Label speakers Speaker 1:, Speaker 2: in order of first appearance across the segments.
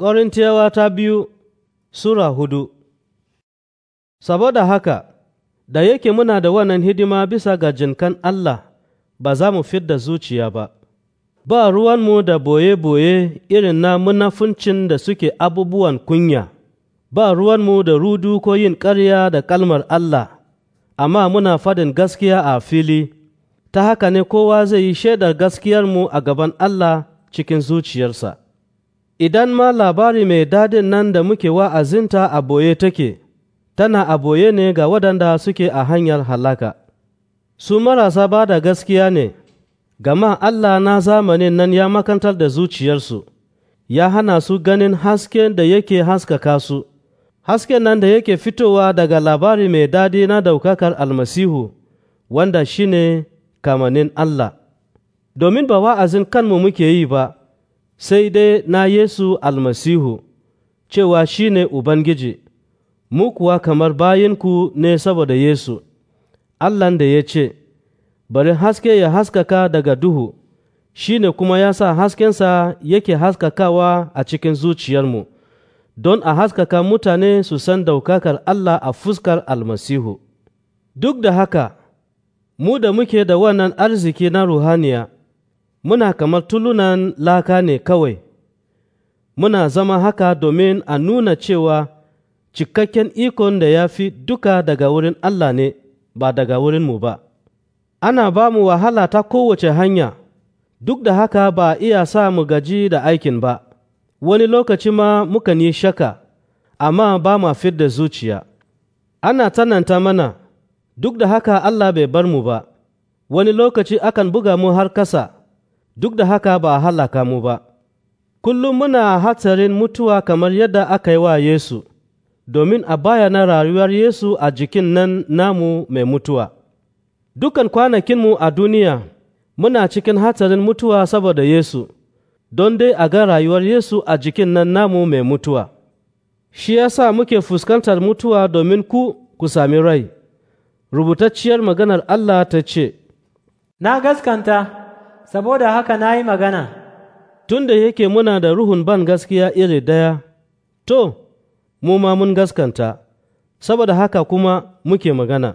Speaker 1: Korintiyawa ta biyu Sura hudu Saboda haka, da yake muna da wannan hidima bisa ga jinkan Allah, ba za mu fidda zuciya ba, ba ruwanmu da boye-boye irin na munafuncin da suke abubuwan kunya, ba ruwanmu da rudu ko yin ƙarya da kalmar Allah, amma muna fadin gaskiya a fili, ta haka ne kowa zai yi shaidar gaskiyarmu a gaban Allah cikin zuciyarsa. idan ma labari mai dadin nan da muke wa'azinta a boye take, tana a boye ne ga waɗanda suke a hanyar halaka. Su marasa ba da gaskiya ne, gama Allah na zamanin nan ya makantar da zuciyarsu, ya hana su ganin hasken da yake haskaka su, hasken nan da yake fitowa daga labari mai dadi na daukakar almasihu, wanda shine kamanin Allah. Domin ba wa'azin kanmu muke yi ba. sai dai na Yesu almasihu, cewa shi ne Ubangiji, mu kuwa kamar bayinku ne saboda Yesu, Allahn da ya ce, Bari haske ya haskaka daga duhu, shi ne kuma ya sa haskensa yake haskakawa a cikin zuciyarmu, don a haskaka mutane su san daukakar Allah a fuskar almasihu. Duk da haka, mu da muke da wannan arziki na ruhaniya, muna kamar tulunan laka ne kawai, muna zama haka domin a nuna cewa cikakken ikon da ya fi duka daga wurin Allah ne ba daga wurin mu ba. Ana ba mu wahala ta kowace hanya, duk da haka ba iya sa mu gaji da aikin ba, wani lokaci ma mukan yi shaka, amma ba ma da zuciya. Ana tananta mana, duk da haka Allah bai bar mu ba, wani lokaci akan buga mu har kasa. duk da haka ba a halaka mu ba, kullum muna hatsarin mutuwa kamar yadda aka yi wa Yesu, domin a bayana rayuwar Yesu a jikin nan namu mai mutuwa. Dukan kwanakinmu a duniya muna cikin hatsarin mutuwa saboda Yesu, don dai a ga rayuwar Yesu a jikin nan namu mai mutuwa. Shi ya sa muke fuskantar mutuwa domin ku ku sami rai. Rubutacciyar maganar Allah ta ce, Na gaskanta. saboda haka na yi magana. Tun da yake muna da ruhun ban gaskiya iri daya to, mu ma mun gaskanta, saboda haka kuma muke magana.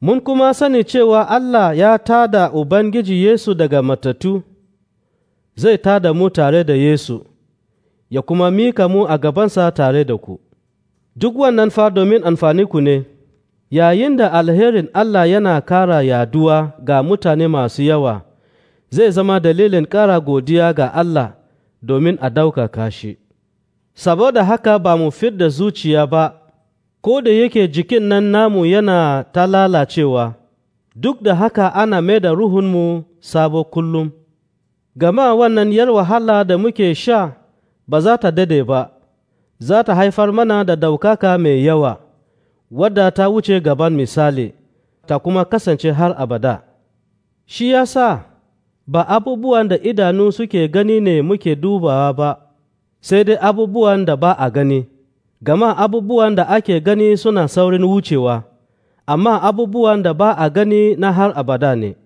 Speaker 1: Mun kuma sani cewa Allah ya tada Ubangiji Yesu daga Matatu zai tada mu tare da Yesu, ya kuma mika mu a gabansa tare da ku. Duk wannan fa domin amfani ku ne, yayin da alherin Allah yana kara yaduwa ga mutane masu yawa. zai zama dalilin ƙara godiya ga Allah domin a ɗaukaka shi. Saboda haka ba mu da zuciya ba, ko da yake jikin nan namu yana ta lalacewa, duk da haka ana mai da ruhunmu sabo kullum. Gama wannan yar wahala da muke sha ba za ta dade ba, za ta haifar mana da ɗaukaka mai yawa, wadda ta wuce gaban misali, ta kuma kasance har abada. Shi ya sa, ba abubuwan da idanu suke gani ne muke dubawa ba, sai dai abubuwan da ba a gani, gama abubuwan da ake gani suna saurin wucewa, amma abubuwan da ba a gani na har abada ne.